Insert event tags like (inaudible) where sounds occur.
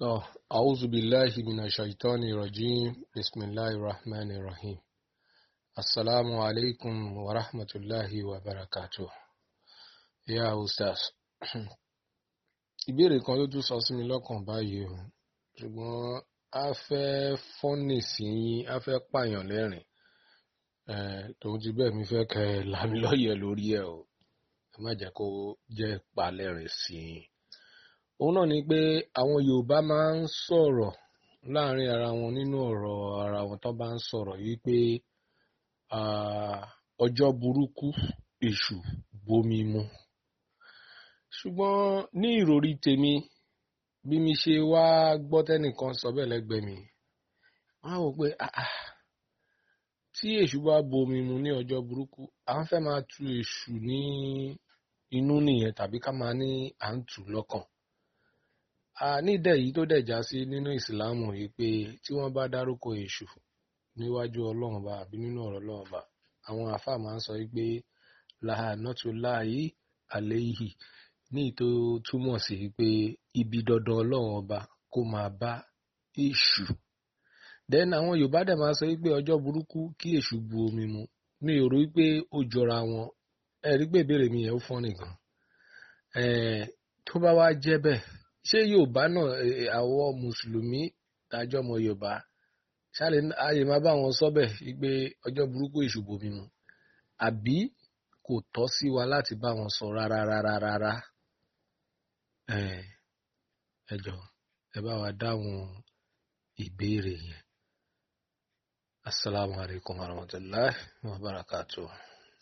To, أعوذ بالله من الشيطان الرجيم بسم الله الرحمن الرحيم السلام عليكم ورحمة الله وبركاته يا أستاذ. ìbéèrè kan ló tún sọ sí mi lọ́kàn báyìí o, ṣùgbọ́n a fẹ́ fọ́nì sí yín, a fẹ́ pààyàn lẹ́rìn. Tòun ti bẹ́ẹ̀ mi fẹ́ kẹ́ ẹ lámilọ́yẹ̀ (laughs) lórí ẹ̀ o, ẹ má jẹ́ kó jẹ́ ìpalẹ́rìn sí yín òun náà ni pé àwọn Yorùbá máa ń sọ̀rọ̀ láàrin ara wọn nínú ọ̀rọ̀ ara wọn tó bá ń sọ̀rọ̀ yìí pé ọjọ́ burúkú èṣù bomi mu ṣùgbọ́n ní ìròrí tèmi bí mi ṣe wá gbọ́ tẹ́nìkan sọ bẹ́ẹ̀ lẹ́gbẹ̀ẹ́ mi wọ́n á wò pé tí èṣù bá bomi mu ní ọjọ́ burúkú à ń fẹ́ máa tu èṣù ní inú nìyẹn tàbí ká máa ní à ń tù lọ́kàn a ní ìdẹ̀ yìí tó dẹ̀ já sí nínú ìsìláàmù yìí pé tí wọ́n bá dárúkọ èṣù níwájú ọlọ́run bá àbí nínú ọ̀rọ̀ ọlọ́run bá àwọn àáfàá máa ń sọ pé làánàtúláyé àléhì ní ìtò túmọ̀ sí pé ibi dandan ọlọ́run ọba kó máa bá èṣù then àwọn yorùbá dẹ̀ máa sọ pé ọjọ́ burúkú kí èṣù bu omi mu mi ò rí pé ó jọra wọn ẹ̀rí pé ìbéèrè mi yẹn ó fọ́n nìkan tó bá wá jẹ́ bẹ́ẹ̀ ṣé yorùbá náà àwọn mùsùlùmí tàjọ ọmọ yorùbá ṣáàlẹ̀ ààyè máa bá wọn sọ́bẹ̀ wípé ọjọ́ burúkú ìṣubú mi mu àbí kò tọ́ sí wa láti bá wọn sọ rárá rárá rárá ẹ jọ ẹ bá wa dáhùn ìbéèrè yẹn asalaamualeykum warahmatulahi wabarakatuh.